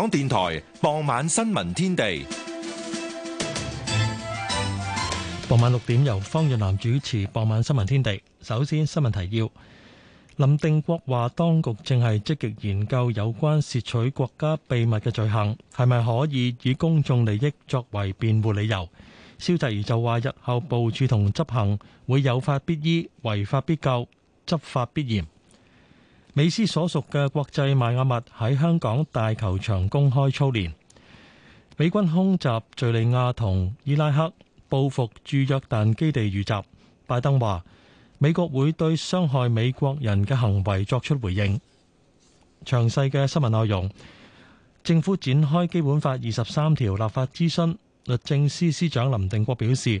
香港電台傍晚新聞天地，傍晚六點由方若男主持。傍晚新聞天地，首先新聞提要：林定國話當局正係積極研究有關竊取國家秘密嘅罪行，係咪可以以公眾利益作為辯護理由？蕭澤頤就話日後部署同執行會有法必依、違法必究、執法必嚴。美斯所屬嘅國際邁阿密喺香港大球場公開操練。美軍空襲敍利亞同伊拉克，報復駐約旦基地遇襲。拜登話：美國會對傷害美國人嘅行為作出回應。詳細嘅新聞內容，政府展開基本法二十三條立法諮詢。律政司司長林定國表示。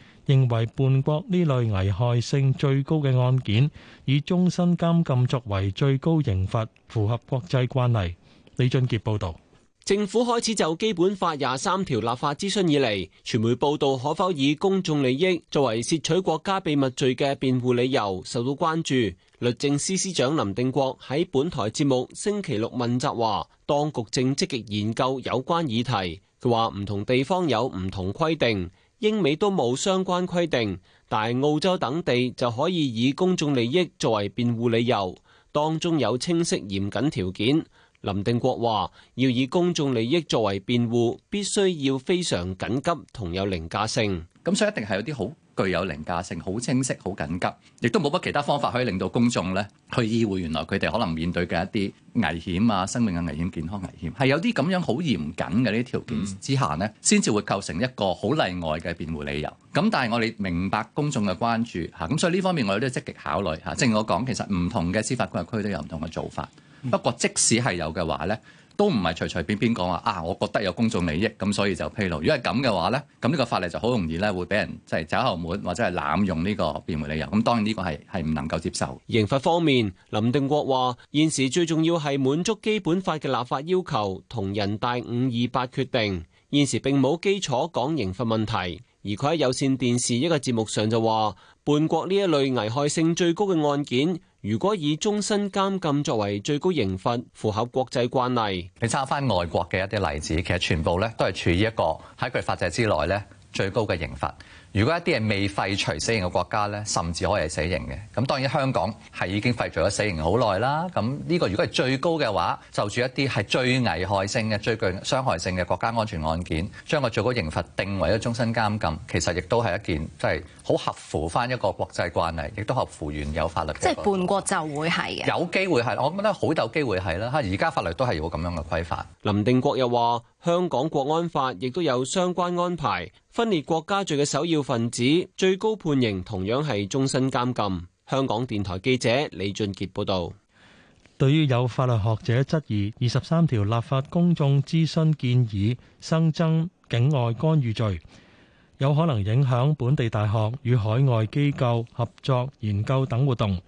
認為叛國呢類危害性最高嘅案件，以終身監禁作為最高刑罰，符合國際慣例。李俊杰報道，政府開始就《基本法》廿三條立法諮詢以嚟，傳媒報道可否以公眾利益作為竊取國家秘密罪嘅辯護理由受到關注。律政司司長林定國喺本台節目星期六問責話，當局正積極研究有關議題。佢話唔同地方有唔同規定。英美都冇相關規定，但澳洲等地就可以以公眾利益作為辯護理由，當中有清晰嚴謹條件。林定國話要以公眾利益作為辯護，必須要非常緊急同有凌駕性。咁所以一定係有啲好。具有凌駕性，好清晰、好緊急，亦都冇乜其他方法可以令到公眾咧去醫護原來佢哋可能面對嘅一啲危險啊、生命嘅危險、健康危險，係有啲咁樣好嚴謹嘅呢啲條件之下呢先至會構成一個好例外嘅辯護理由。咁但係我哋明白公眾嘅關注吓，咁所以呢方面我哋都積極考慮吓。正如我講，其實唔同嘅司法管轄區都有唔同嘅做法。不過即使係有嘅話呢。都唔係隨隨便便講話啊，我覺得有公眾利益，咁所以就披露。如果係咁嘅話呢，咁呢個法例就好容易咧會俾人即係走後門，或者係濫用呢個辯護理由。咁當然呢個係係唔能夠接受。刑罰方面，林定國話現時最重要係滿足基本法嘅立法要求同人大五二八決定，現時並冇基礎講刑罰問題。而佢喺有線電視一個節目上就話。叛國呢一類危害性最高嘅案件，如果以終身監禁作為最高刑罰，符合國際慣例。你查翻外國嘅一啲例子，其實全部咧都係處於一個喺佢法制之內咧最高嘅刑罰。如果一啲係未廢除死刑嘅國家咧，甚至可以係死刑嘅。咁當然香港係已經廢除咗死刑好耐啦。咁呢個如果係最高嘅話，就住一啲係最危害性嘅、最具傷害性嘅國家安全案件，將個最高刑罰定為咗個終身監禁，其實亦都係一件即係好合乎翻一個國際慣例，亦都合乎原有法律。即係叛國就會係嘅。有機會係，我覺得好有機會係啦。而家法律都係有咁樣嘅規範。林定國又話：香港國安法亦都有相關安排，分裂國家罪嘅首要分子最高判刑同樣係終身監禁。香港電台記者李俊杰報道，對於有法律學者質疑二十三條立法公眾諮詢建議新增境外干預罪，有可能影響本地大學與海外機構合作研究等活動。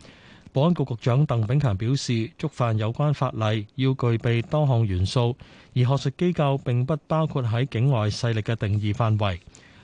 保安局局長鄧炳強表示，觸犯有關法例要具備多項元素，而學術機構並不包括喺境外勢力嘅定義範圍。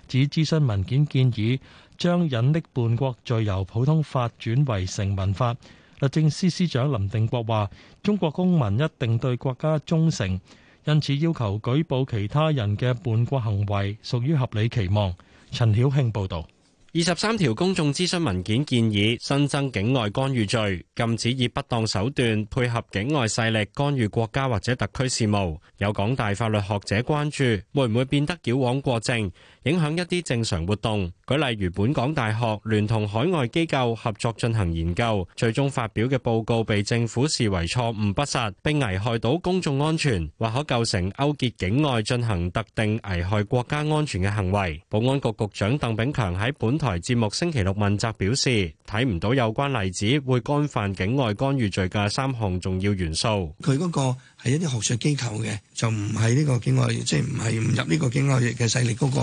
指諮詢文件建議將隱匿叛國罪由普通法轉為成文法。律政司司長林定國話：中國公民一定對國家忠誠，因此要求舉報其他人嘅叛國行為屬於合理期望。陳曉慶報導。二十三條公眾諮詢文件建議新增境外干預罪，禁止以不當手段配合境外勢力干預國家或者特區事務。有港大法律學者關注，會唔會變得矯枉過正，影響一啲正常活動？舉例如本港大學聯同海外機構合作進行研究，最終發表嘅報告被政府視為錯誤不實，並危害到公眾安全，或可構成勾結境外進行特定危害國家安全嘅行為。保安局局長鄧炳強喺本台節目星期六問責表示，睇唔到有關例子會干犯境外干預罪嘅三項重要元素。佢嗰個係一啲學術機構嘅，就唔係呢個境外，即係唔係唔入呢個境外嘅勢力嗰個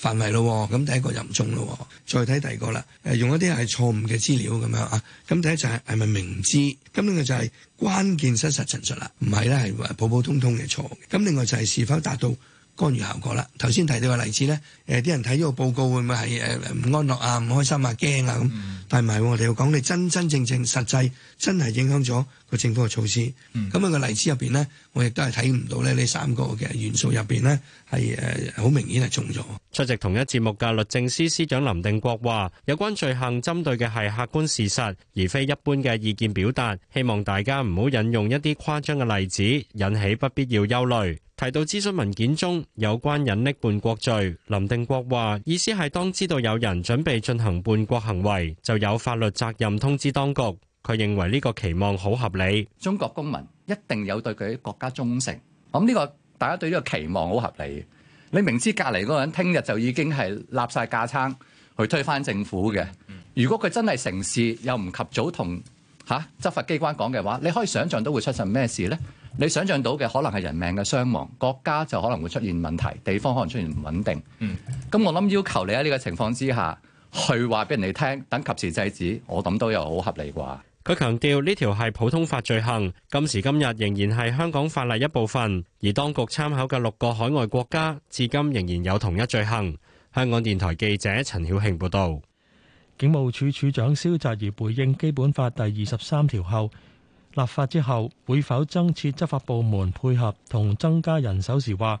範圍咯。咁、嗯、第一個又唔中咯。再睇第二個啦，誒，用一啲係錯誤嘅資料咁樣啊。咁、嗯、第一就係係咪明知？咁另外就係關鍵失實陳述啦，唔係咧係普普通通嘅錯。咁另外就係是，是否達到？干預效果啦，頭先提到個例子咧，誒、呃、啲人睇咗個報告會唔會係誒唔安樂啊、唔開心啊、驚啊咁？嗯、但係唔係，我哋要講你真真正正實際真係影響咗個政府嘅措施。咁啊、嗯、個例子入邊咧，我亦都係睇唔到咧呢三個嘅元素入邊咧係誒好明顯係中咗。出席同一節目嘅律政司司長林定國話：有關罪行針對嘅係客觀事實，而非一般嘅意見表達。希望大家唔好引用一啲誇張嘅例子，引起不必要憂慮。提到諮詢文件中有關隱匿叛國罪，林定國話意思係當知道有人準備進行叛國行為，就有法律責任通知當局。佢認為呢個期望好合理。中國公民一定有對佢國家忠誠，咁呢個大家對呢個期望好合理。你明知隔離嗰個人聽日就已經係立晒架撐去推翻政府嘅，如果佢真係成事又唔及早同嚇、啊、執法機關講嘅話，你可以想象都會出曬咩事呢？你想象到嘅可能係人命嘅傷亡，國家就可能會出現問題，地方可能出現唔穩定。嗯，咁我諗要求你喺呢個情況之下去話俾人哋聽，等及時制止，我諗都有好合理啩。佢強調呢條係普通法罪行，今時今日仍然係香港法例一部分。而當局參考嘅六個海外國家，至今仍然有同一罪行。香港電台記者陳曉慶報導。警務處處長蕭澤怡回應《基本法》第二十三條後立法之後會否增設執法部門配合同增加人手時話。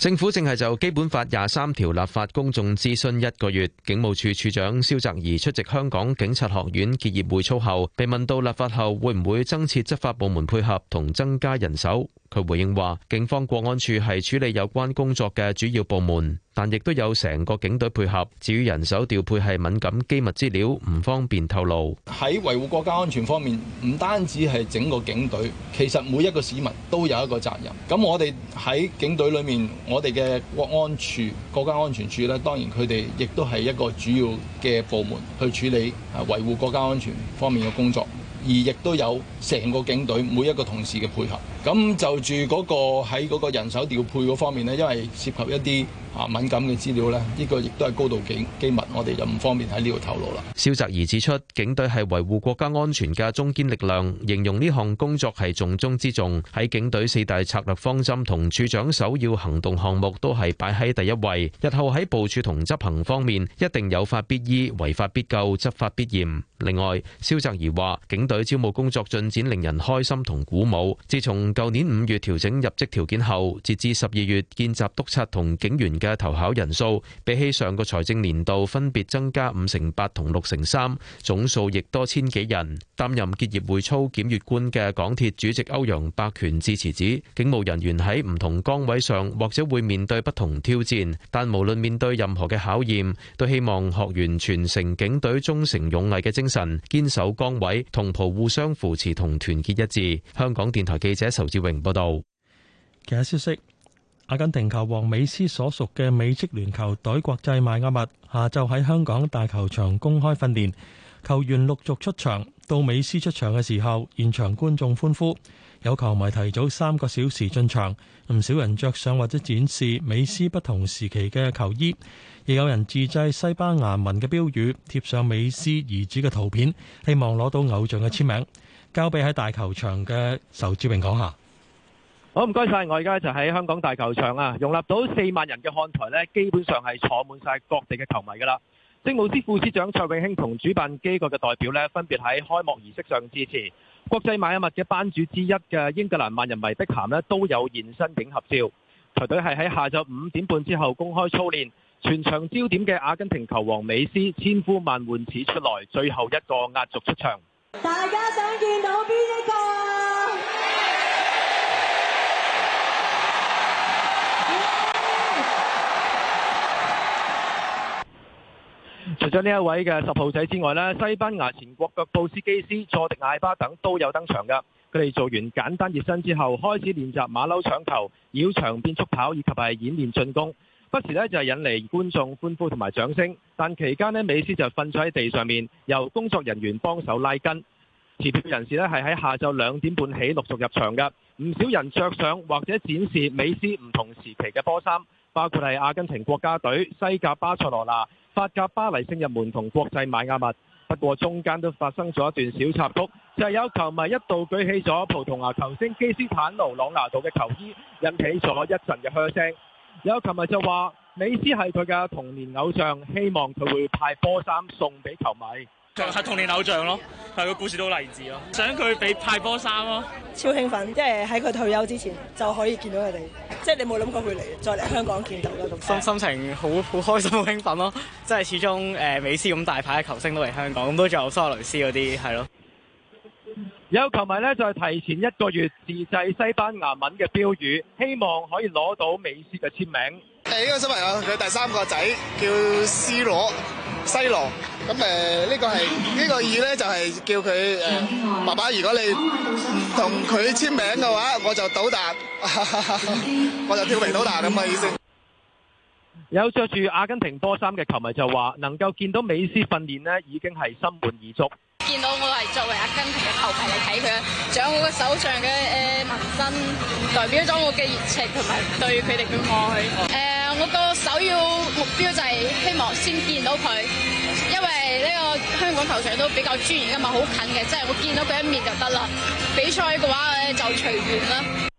政府正係就《基本法》廿三條立法，公眾諮詢一個月。警務處處長蕭澤頤出席香港警察學院結業會操後，被問到立法後會唔會增設執法部門配合同增加人手。佢回應話，警方國安處係處理有關工作嘅主要部門，但亦都有成個警隊配合。至於人手調配係敏感機密資料，唔方便透露。喺維護國家安全方面，唔單止係整個警隊，其實每一個市民都有一個責任。咁我哋喺警隊裏面，我哋嘅國安處、國家安全處咧，當然佢哋亦都係一個主要嘅部門去處理維護國家安全方面嘅工作。而亦都有成個警隊每一個同事嘅配合，咁就住嗰個喺嗰個人手調配嗰方面咧，因為涉及一啲，啊，敏感嘅資料咧，呢個亦都係高度機密，我哋就唔方便喺呢度透露啦。蕭澤頤指出，警隊係維護國家安全嘅中堅力量，形容呢項工作係重中之重，喺警隊四大策略方針同處長首要行動項目都係擺喺第一位。日後喺部署同執行方面，一定有法必依、違法必究、執法必嚴。另外，蕭澤頤話，警隊招募工作進展令人開心同鼓舞。自從舊年五月調整入職條件後，截至十二月見習督察同警員嘅投考人數比起上個財政年度分別增加五成八同六成三，總數亦多千幾人。擔任結業會操檢閱官嘅港鐵主席歐陽伯權致辭指，警務人員喺唔同崗位上或者會面對不同挑戰，但無論面對任何嘅考驗，都希望學員傳承警隊忠誠勇毅嘅精神，堅守崗位，同袍互相扶持同團結一致。香港電台記者仇志榮報道。其他消息。阿根廷球王美斯所屬嘅美職聯球隊國際邁阿密下晝喺香港大球場公開訓練，球員陸續出場，到美斯出場嘅時候，現場觀眾歡呼，有球迷提早三個小時進場，唔少人着上或者展示美斯不同時期嘅球衣，亦有人自製西班牙文嘅標語，貼上美斯兒子嘅圖片，希望攞到偶像嘅簽名，交俾喺大球場嘅仇志榮講下。好，唔該晒，我而家就喺香港大球場啊，容納到四萬人嘅看台呢，基本上係坐滿晒各地嘅球迷噶啦。政務司副司長蔡永興同主辦機構嘅代表呢，分別喺開幕儀式上致辭。國際邁阿密嘅班主之一嘅英格蘭萬人迷碧咸呢，都有現身影合照。球隊係喺下晝五點半之後公開操練，全場焦點嘅阿根廷球王美斯千呼萬喚始出來，最後一個壓軸出場。大家想見到邊一個？除咗呢一位嘅十號仔之外呢，西班牙前國腳布斯基斯、佐迪艾巴等都有登場嘅。佢哋做完簡單熱身之後，開始練習馬騮搶球、繞場變速跑以及係演練進攻。不時呢就係、是、引嚟觀眾歡呼同埋掌聲。但期間呢，美斯就瞓咗喺地上面，由工作人員幫手拉筋。持票人士呢係喺下晝兩點半起陸續入場嘅。唔少人着上或者展示美斯唔同時期嘅波衫。包括係阿根廷國家隊、西甲巴塞羅那、法甲巴黎聖日門同國際馬亞密。不過中間都發生咗一段小插曲，就係、是、有球迷一度舉起咗葡萄牙球星基斯坦奴朗拿度嘅球衣，引起咗一陣嘅噓聲。有球迷就話：美斯係佢嘅童年偶像，希望佢會派波衫送俾球迷，就係童年偶像咯，係個故事都好勵志咯，想佢俾派波衫咯，超興奮，因為喺佢退休之前就可以見到佢哋，即係你冇諗過佢會嚟再嚟香港見到啦。心心情好好開心，好興奮咯！即係始終誒，美斯咁大牌嘅球星都嚟香港，咁都仲有蘇亞雷斯嗰啲係咯。有球迷咧，在、就係、提前一個月自製西班牙文嘅標語，希望可以攞到美斯嘅簽名。誒，呢個小朋友佢第三個仔叫 C 羅西羅，咁誒呢個係呢個語咧就係叫佢誒爸爸如果你唔同佢簽名嘅話，我就搗蛋，我就調皮搗蛋咁嘅意思。有著住阿根廷波衫嘅球迷就話：能夠見到美斯訓練咧，已經係心滿意足。見到我係作為阿根廷嘅球迷嚟睇佢，長我個手上嘅誒紋身，代表咗我嘅熱情同埋對佢哋嘅愛。誒。我個首要目標就係希望先見到佢，因為呢個香港球場都比較專業，㗎嘛好近嘅，即係我見到佢一面就得啦。比賽嘅話，就隨緣啦。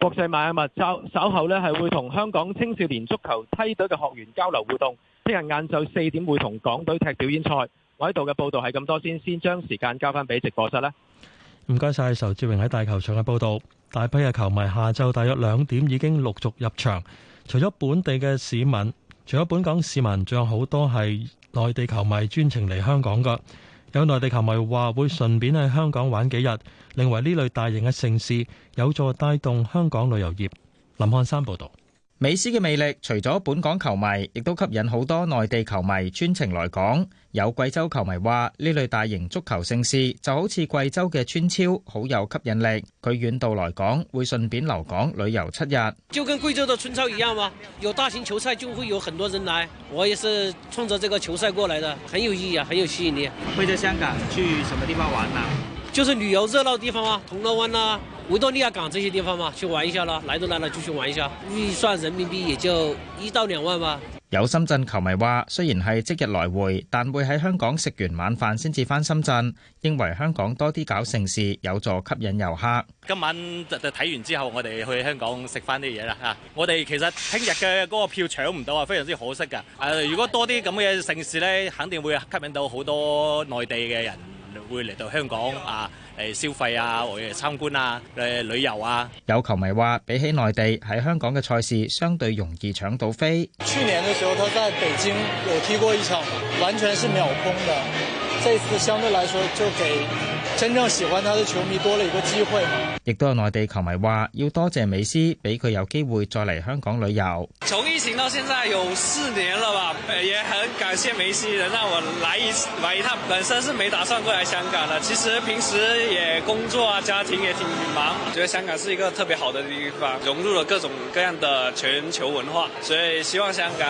國際邁阿密稍稍後呢係會同香港青少年足球梯隊嘅學員交流互動。聽日晏晝四點會同港隊踢表演賽。我喺度嘅報道係咁多先，先將時間交翻俾直播室啦。唔該晒。仇志榮喺大球場嘅報道。大批嘅球迷下晝大約兩點已經陸續入場。除咗本地嘅市民，除咗本港市民，仲有好多係內地球迷專程嚟香港嘅。有內地球迷話會順便喺香港玩幾日，認為呢類大型嘅盛事有助帶動香港旅遊業，林漢山報道。美斯嘅魅力除咗本港球迷，亦都吸引好多內地球迷專程來港。有貴州球迷話：呢類大型足球盛事就好似貴州嘅村超，好有吸引力。佢遠道來港，會順便留港旅遊七日。就跟貴州嘅村超一樣嗎？有大型球賽就會有很多人來。我也是衝着這個球賽過來的，很有意義啊，很有吸引力。會在香港去什麼地方玩啊？就是旅遊熱鬧地方啊，銅鑼灣啊。維多利亞港這些地方嘛，去玩一下啦，來都來了就去玩一下，預算人民幣也就一到兩萬嘛。有深圳球迷話，雖然係即日來回，但會喺香港食完晚飯先至翻深圳，認為香港多啲搞盛事有助吸引遊客。今晚就就睇完之後，我哋去香港食翻啲嘢啦吓。我哋其實聽日嘅嗰個票搶唔到啊，非常之可惜噶。誒、啊，如果多啲咁嘅盛事咧，肯定會吸引到好多內地嘅人。會嚟到香港啊！誒消費啊，或者參觀啊、誒旅遊啊。有球迷話：比起內地，喺香港嘅賽事相對容易搶到飛。去年嘅時候，他在北京有踢過一場，完全是秒空的。這次相對來說，就給真正喜歡他的球迷多了一個機會。亦都有內地球迷話：要多謝美斯俾佢有機會再嚟香港旅遊。從疫情到現在有四年了吧，也很感謝美斯能讓我來一次來一趟。本身是沒打算過來香港的，其實平時也工作啊、家庭也挺忙。覺得香港是一個特別好的地方，融入了各種各樣的全球文化，所以希望香港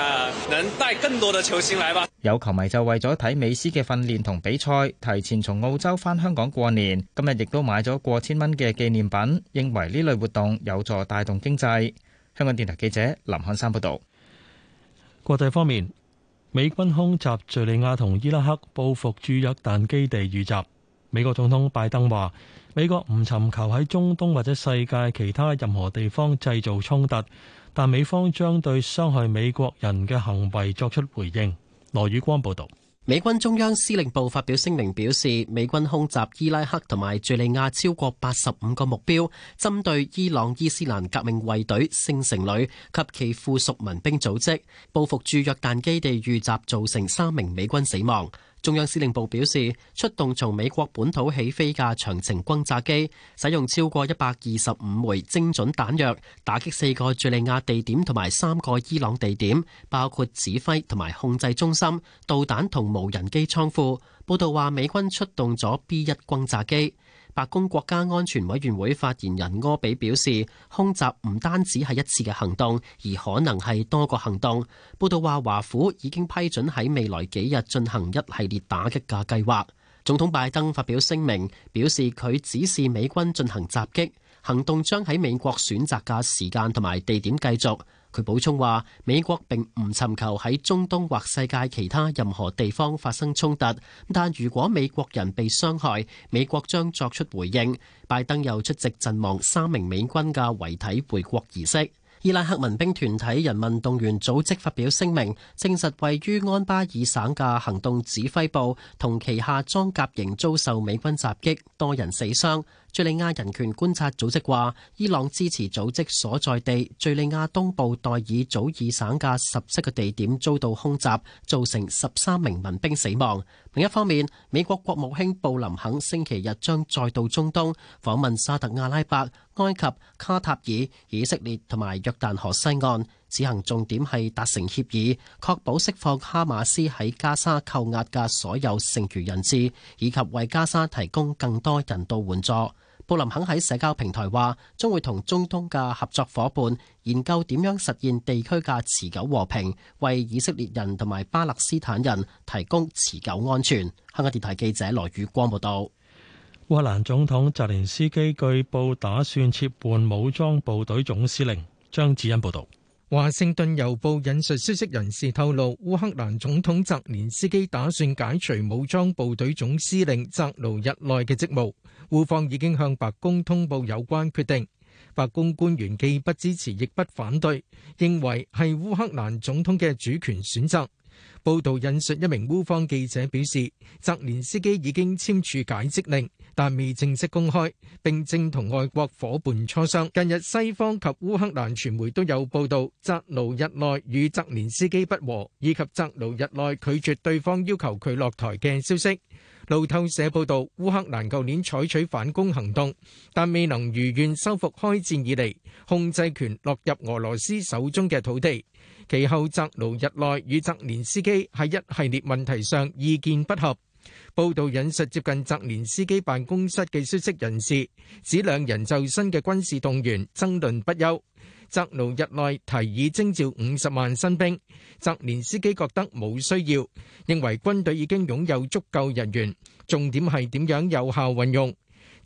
能帶更多的球星來吧。有球迷就為咗睇美斯嘅訓練同比賽，提前從澳洲翻香港過年。今日亦都買咗過千蚊嘅紀念。認為呢類活動有助帶動經濟。香港電台記者林漢山報道。國際方面，美軍空襲敘利亞同伊拉克報復駐約旦基地遇襲。美國總統拜登話：美國唔尋求喺中東或者世界其他任何地方製造衝突，但美方將對傷害美國人嘅行為作出回應。羅宇光報道。美軍中央司令部發表聲明表示，美軍空襲伊拉克同埋敘利亞超過八十五個目標，針對伊朗伊斯蘭革命衛隊聖城旅及其附屬民兵組織，報復駐約旦基地遇襲，襲造成三名美軍死亡。中央司令部表示，出動從美國本土起飛嘅長程轟炸機，使用超過一百二十五枚精準彈藥，打擊四個敘利亞地點同埋三個伊朗地點，包括指揮同埋控制中心、導彈同無人機倉庫。報道話，美軍出動咗 B 一轟炸機。白宮國家安全委員會發言人柯比表示，空襲唔單止係一次嘅行動，而可能係多個行動。報道話，華府已經批准喺未來幾日進行一系列打擊嘅計劃。總統拜登發表聲明，表示佢指示美軍進行襲擊，行動將喺美國選擇嘅時間同埋地點繼續。佢補充話：美國並唔尋求喺中東或世界其他任何地方發生衝突，但如果美國人被傷害，美國將作出回應。拜登又出席陣亡三名美軍嘅遺體回國儀式。伊拉克民兵團體人民動員組織發表聲明，證實位於安巴爾省嘅行動指揮部同旗下裝甲營遭受美軍襲擊，多人死傷。敘利亞人權觀察組織話，伊朗支持組織所在地敘利亞東部代爾祖爾省嘅十七個地點遭到空襲，造成十三名民兵死亡。另一方面，美國國務卿布林肯星期日將再到中東訪問沙特阿拉伯、埃及、卡塔爾、以色列同埋約旦河西岸，此行重點係達成協議，確保釋放哈馬斯喺加沙扣押嘅所有剩餘人質，以及為加沙提供更多人道援助。布林肯喺社交平台話，將會同中東嘅合作夥伴研究點樣實現地區嘅持久和平，為以色列人同埋巴勒斯坦人提供持久安全。香港電台記者羅宇光報道。烏克蘭總統澤連斯基據報打算撤換武裝部隊總司令。張子欣報道。華盛頓郵報引述消息人士透露，烏克蘭總統澤連斯基打算解除武裝部隊總司令澤盧日內嘅職務。烏方已經向白宮通報有關決定，白宮官員既不支持亦不反對，認為係烏克蘭總統嘅主權選擇。報道引述一名烏方記者表示，澤連斯基已經簽署解職令，但未正式公開，並正同外國伙伴磋商。近日西方及烏克蘭傳媒都有報導，澤魯日內與澤連斯基不和，以及澤魯日內拒絕對方要求佢落台嘅消息。路透社報道，烏克蘭舊年採取反攻行動，但未能如願收復開戰以嚟控制權落入俄羅斯手中嘅土地。其後，澤盧日內與澤連斯基喺一系列問題上意見不合。報道引述接近澤連斯基辦公室嘅消息人士，指兩人就新嘅軍事動員爭論不休。澤魯日內提議徵召五十萬新兵，澤連斯基覺得冇需要，認為軍隊已經擁有足夠人員，重點係點樣有效運用。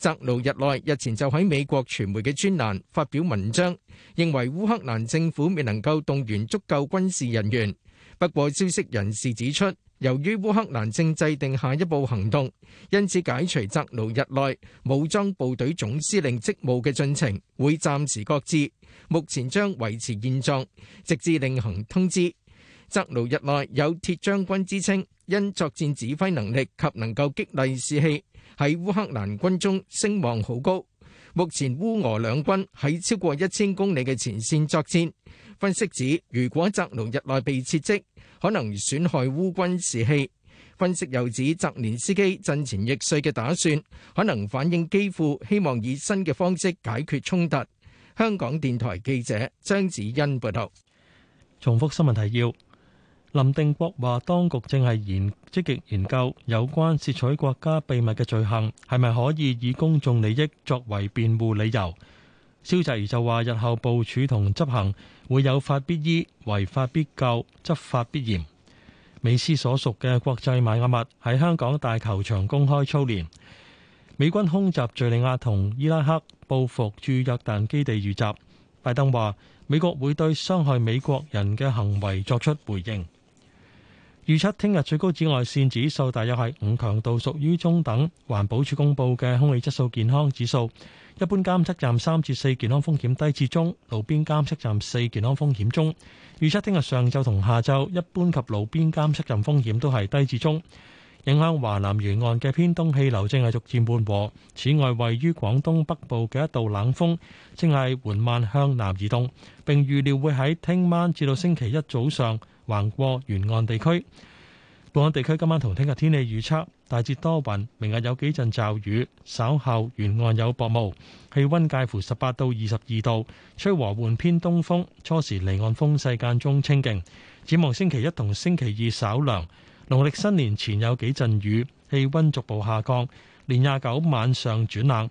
澤魯日內日前就喺美國傳媒嘅專欄發表文章，認為烏克蘭政府未能夠動員足夠軍事人員。不過，消息人士指出，由於烏克蘭正制定下一步行動，因此解除澤魯日內武裝部隊總司令職務嘅進程會暫時擱置。目前將維持現狀，直至另行通知。澤盧日內有鐵將軍之稱，因作戰指揮能力及能夠激勵士氣，喺烏克蘭軍中聲望好高。目前烏俄兩軍喺超過一千公里嘅前線作戰。分析指，如果澤盧日內被撤職，可能損害烏軍士氣。分析又指，澤連斯基陣前易帥嘅打算，可能反映基輔希望以新嘅方式解決衝突。香港電台記者張子欣報道。重複新聞提要：林定國話當局正係研積極研究有關竊取國家秘密嘅罪行係咪可以以公眾利益作為辯護理由。蕭澤頤就話日後部署同執行會有法必依、違法必究、執法必嚴。美斯所屬嘅國際邁阿密喺香港大球場公開操練。美軍空襲敘利亞同伊拉克，報復駐約旦基地遇襲。拜登話：美國會對傷害美國人嘅行為作出回應。預測聽日最高紫外線指數大約係五強度，屬於中等。環保署公布嘅空氣質素健康指數，一般監測站三至四，健康風險低至中；路邊監測站四，健康風險中。預測聽日上晝同下晝，一般及路邊監測站風險都係低至中。影響華南沿岸嘅偏東氣流正係逐漸緩和。此外，位於廣東北部嘅一道冷鋒正係緩慢向南移動，並預料會喺聽晚至到星期一早上橫過沿岸地區。本港地區今晚同聽日天氣預測大致多雲，明日有幾陣驟雨，稍後沿岸有薄霧，氣溫介乎十八到二十二度，吹和緩偏東風，初時離岸風勢間中清勁，展望星期一同星期二稍涼。農曆新年前有幾陣雨，氣温逐步下降，年廿九晚上轉冷。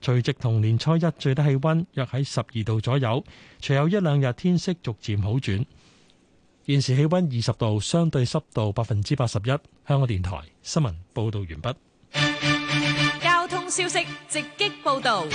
除夕同年初一最低氣温約喺十二度左右，隨後有一兩日天色逐漸好轉。現時氣温二十度，相對濕度百分之八十一。香港電台新聞報道完畢。交通消息直擊報道。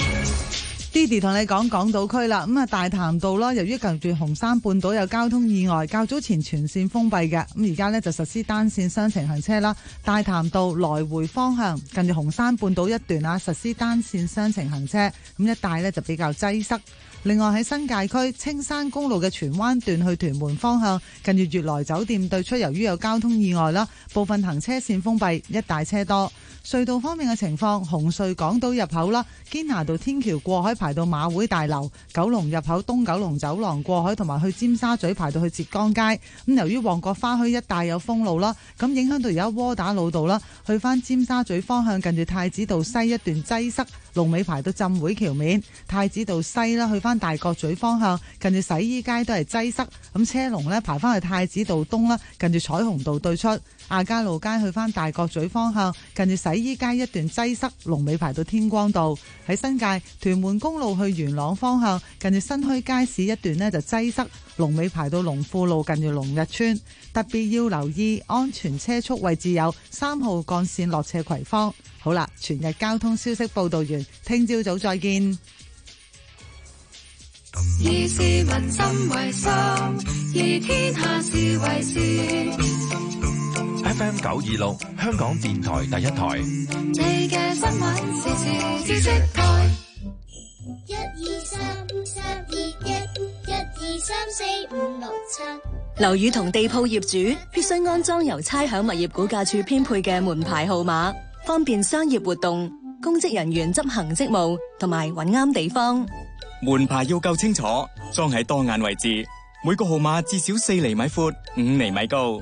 Didi 同你講港島區啦，咁啊大潭道啦，由於近住紅山半島有交通意外，較早前全線封閉嘅，咁而家呢，就實施單線雙程行車啦。大潭道來回方向近住紅山半島一段啊，實施單線雙程行車，咁一帶呢，就比較擠塞。另外喺新界區青山公路嘅荃灣段去屯門方向，近住悦來酒店對出，由於有交通意外啦，部分行車線封閉，一帶車多。隧道方面嘅情況，紅隧港島入口啦，堅拿道天橋過海排到馬會大樓；九龍入口東九龍走廊過海同埋去尖沙咀排到去浙江街。咁由於旺角花墟一帶有封路啦，咁影響到而家窩打老道啦，去翻尖沙咀方向近住太子道西一段擠塞，龍尾排到浸會橋面。太子道西啦，去翻大角咀方向近住洗衣街都係擠塞，咁車龍呢排翻去太子道東啦，近住彩虹道對出。亞加路街去返大角咀方向，近住洗衣街一段擠塞，龍尾排到天光道。喺新界屯門公路去元朗方向，近住新墟街市一段呢就擠塞，龍尾排到龍富路近住龍日村。特別要留意安全車速位置有三號幹線落斜葵芳。好啦，全日交通消息報道完，聽朝早再見。以市民心為心，以天下事為事。九二六香港電台第一台。一、二、三、三、二、一、一、二、三、四、五、六、七。樓宇同地鋪業主必須安裝由差餉物業估價署編配嘅門牌號碼，方便商業活動、公職人員執行職務同埋揾啱地方。門牌要夠清楚，裝喺當眼位置，每個號碼至少四厘米闊，五厘米高。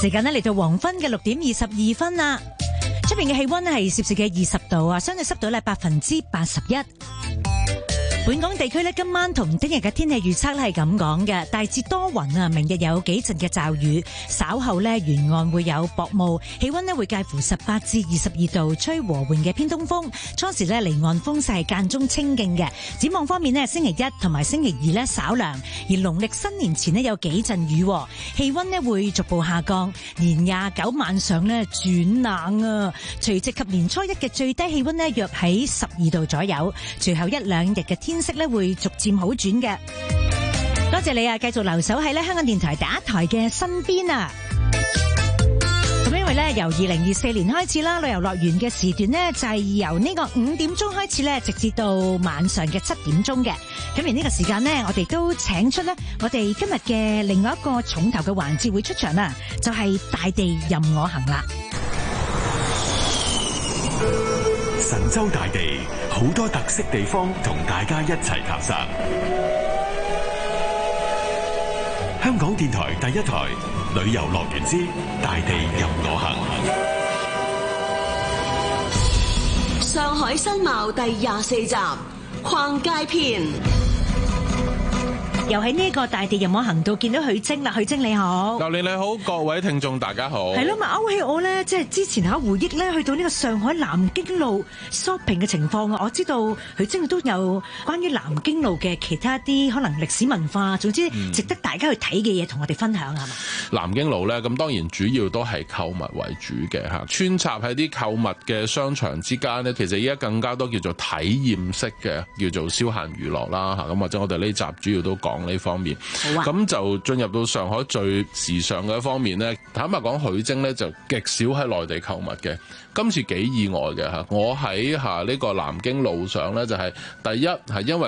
時間咧嚟到黃昏嘅六點二十二分啦，出邊嘅氣溫咧係攝氏嘅二十度啊，相對濕度咧百分之八十一。本港地區咧今晚同聽日嘅天氣預測咧係咁講嘅，大致多雲啊。明日有幾陣嘅驟雨，稍後咧沿岸會有薄霧，氣溫咧會介乎十八至二十二度，吹和緩嘅偏東風。初時咧離岸風勢係間中清勁嘅。展望方面咧，星期一同埋星期二咧稍涼，而農曆新年前咧有幾陣雨，氣溫咧會逐步下降，年廿九晚上咧轉冷啊。除夕及年初一嘅最低氣溫咧約喺十二度左右，最後一兩日嘅天。天色咧會逐漸好轉嘅，多謝你啊！繼續留守喺咧香港電台第一台嘅身邊啊！咁因為咧由二零二四年開始啦，旅遊樂園嘅時段呢，就係由呢個五點鐘開始咧，直至到晚上嘅七點鐘嘅。咁而呢個時間呢，我哋都請出咧我哋今日嘅另外一個重頭嘅環節會出場啦，就係大地任我行啦。神州大地好多特色地方，同大家一齊探索。香港電台第一台旅遊樂園之《大地任我行》，上海新貌第廿四集《逛街篇》。又喺呢個大地任我行道，見到許晶啦，許晶你好。劉年你好，各位聽眾大家好。係咯，咪勾起我咧，即係之前吓回憶咧，去到呢個上海南京路 shopping 嘅情況啊。我知道許晶都有關於南京路嘅其他啲可能歷史文化，總之值，值得大家去睇嘅嘢，同我哋分享係嘛，嗯？南京路咧，咁當然主要都係購物為主嘅吓，啊，穿插喺啲購物嘅商場之間呢，其實依家更加多叫做體驗式嘅，叫做消閒娛樂啦吓。咁或者我哋呢集主要都講。呢方面，啊，咁就進入到上海最時尚嘅一方面咧。坦白講，許晶咧就極少喺內地購物嘅，今次幾意外嘅吓，我喺嚇呢個南京路上咧，就係、是、第一係因為。